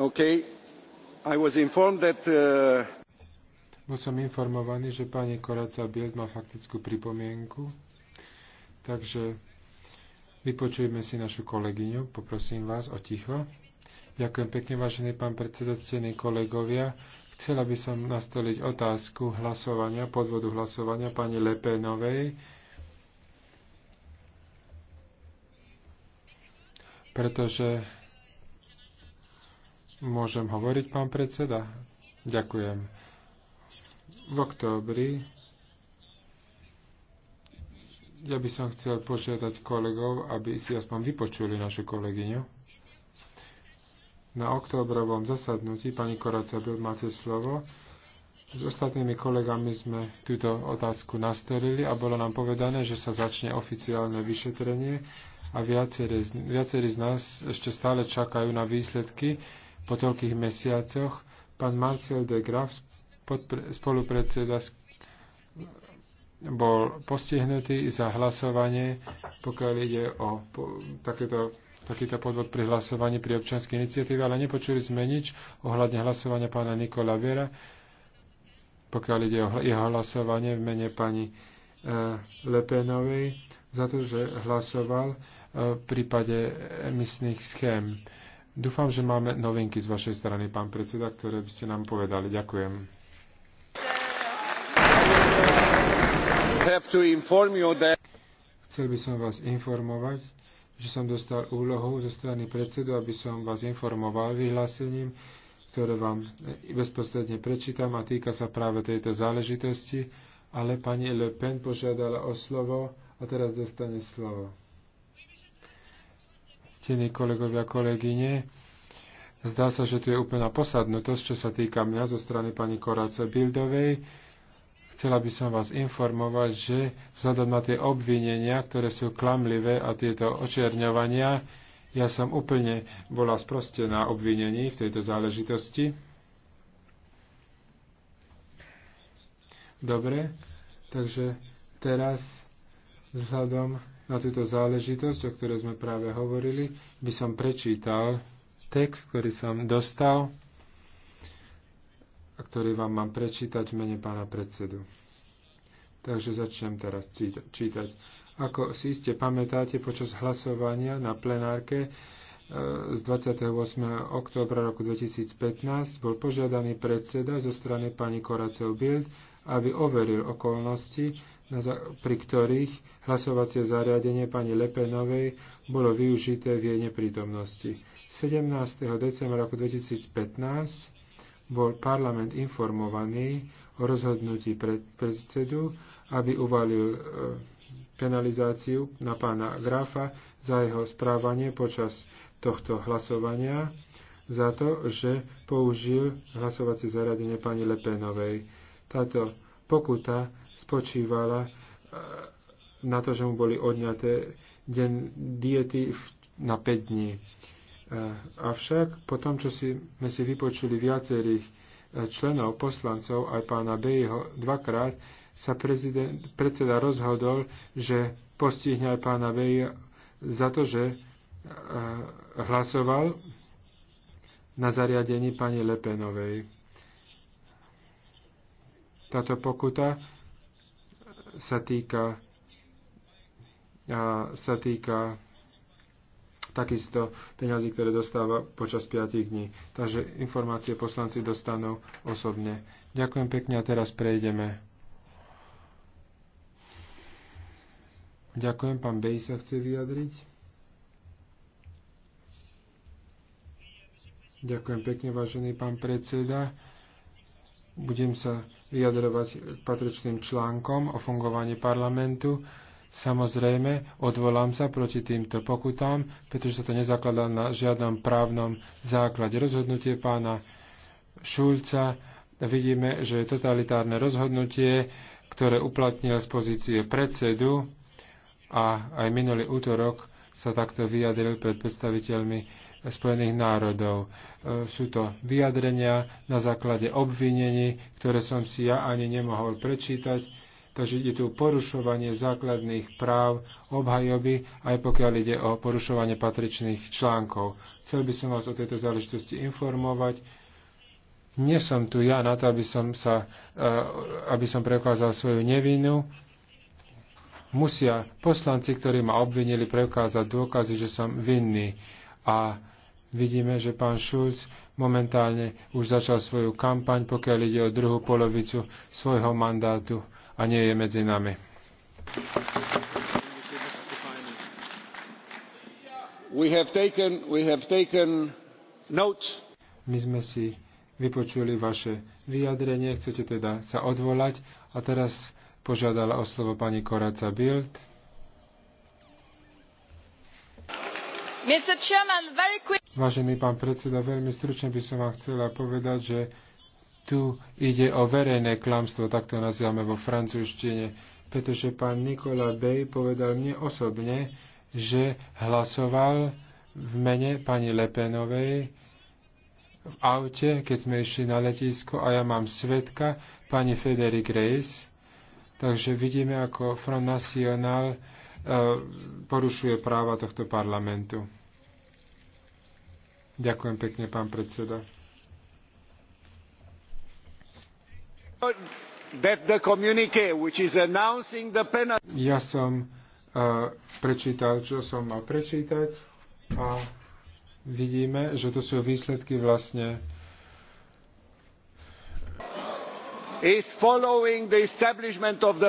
Uh, Bol som informovaný, že pani Koraca Bild má faktickú pripomienku. Takže vypočujeme si našu kolegyňu. Poprosím vás o ticho. Ďakujem pekne, vážený pán predseda, ctení kolegovia. Chcela by som nastoliť otázku hlasovania, podvodu hlasovania pani lepénovej. Pretože Môžem hovoriť, pán predseda? Ďakujem. V októbri ja by som chcel požiadať kolegov, aby si aspoň vypočuli našu kolegyňu. Na októbrovom zasadnutí, pani Koracabel, máte slovo. S ostatnými kolegami sme túto otázku nastolili a bolo nám povedané, že sa začne oficiálne vyšetrenie a viacerí, z, z nás ešte stále čakajú na výsledky po toľkých mesiacoch pán Marcel de Graf, spolupredseda, bol postihnutý za hlasovanie, pokiaľ ide o po, takéto takýto podvod pri hlasovaní pri občianskej iniciatíve, ale nepočuli sme nič ohľadne hlasovania pána Nikola Viera, pokiaľ ide o jeho hlasovanie v mene pani eh, Lepenovej za to, že hlasoval eh, v prípade emisných schém. Dúfam, že máme novinky z vašej strany, pán predseda, ktoré by ste nám povedali. Ďakujem. Chcel by som vás informovať, že som dostal úlohu zo strany predsedu, aby som vás informoval vyhlásením, ktoré vám bezprostredne prečítam a týka sa práve tejto záležitosti, ale pani Le Pen požiadala o slovo a teraz dostane slovo ctení kolegovia, kolegyne, zdá sa, že tu je úplná posadnutosť, čo sa týka mňa zo strany pani Koráce Bildovej. Chcela by som vás informovať, že vzhľadom na tie obvinenia, ktoré sú klamlivé a tieto očierňovania, ja som úplne bola sprostená obvinení v tejto záležitosti. Dobre, takže teraz vzhľadom na túto záležitosť, o ktorej sme práve hovorili, by som prečítal text, ktorý som dostal a ktorý vám mám prečítať v mene pána predsedu. Takže začnem teraz čítať. Ako si iste pamätáte, počas hlasovania na plenárke e, z 28. oktobra roku 2015 bol požiadaný predseda zo strany pani Koracov Bild, aby overil okolnosti, pri ktorých hlasovacie zariadenie pani Lepenovej bolo využité v jej neprítomnosti. 17. decembra roku 2015 bol parlament informovaný o rozhodnutí pred, predsedu, aby uvalil e, penalizáciu na pána Grafa za jeho správanie počas tohto hlasovania za to, že použil hlasovacie zariadenie pani Lepenovej. Táto pokuta spočívala e, na to, že mu boli odňaté deň diety na 5 dní. E, avšak po tom, čo si, sme si vypočuli viacerých e, členov, poslancov, aj pána Bejho dvakrát, sa prezident, predseda rozhodol, že postihne aj pána Bejho za to, že hlasoval na zariadení pani Lepenovej. Táto pokuta sa týka, sa týka takisto peňazí, ktoré dostáva počas 5 dní. Takže informácie poslanci dostanú osobne. Ďakujem pekne a teraz prejdeme. Ďakujem, pán Bej sa chce vyjadriť. Ďakujem pekne, vážený pán predseda budem sa vyjadrovať patričným článkom o fungovaní parlamentu. Samozrejme, odvolám sa proti týmto pokutám, pretože sa to nezakladá na žiadnom právnom základe. Rozhodnutie pána Šulca vidíme, že je totalitárne rozhodnutie, ktoré uplatnil z pozície predsedu a aj minulý útorok sa takto vyjadril pred predstaviteľmi Spojených národov. E, sú to vyjadrenia na základe obvinení, ktoré som si ja ani nemohol prečítať. Takže je tu porušovanie základných práv obhajoby, aj pokiaľ ide o porušovanie patričných článkov. Chcel by som vás o tejto záležitosti informovať. Nie som tu ja na to, aby som, sa, e, aby som prekázal svoju nevinu. Musia poslanci, ktorí ma obvinili, preukázať dôkazy, že som vinný a Vidíme, že pán Schulz momentálne už začal svoju kampaň, pokiaľ ide o druhú polovicu svojho mandátu a nie je medzi nami. We have taken, we have taken note. My sme si vypočuli vaše vyjadrenie, chcete teda sa odvolať a teraz požiadala o slovo pani Koraca Bild. Vážený pán predseda, veľmi stručne by som vám chcela povedať, že tu ide o verejné klamstvo, tak to nazývame vo francúzštine, pretože pán Nikola Bey povedal mne osobne, že hlasoval v mene pani Lepenovej v aute, keď sme išli na letisko a ja mám svetka pani Federic Reis. Takže vidíme, ako Front National E, porušuje práva tohto parlamentu. Ďakujem pekne, pán predseda. Ja som uh, prečítal, čo som mal prečítať a vidíme, že to sú výsledky vlastne is following the establishment of the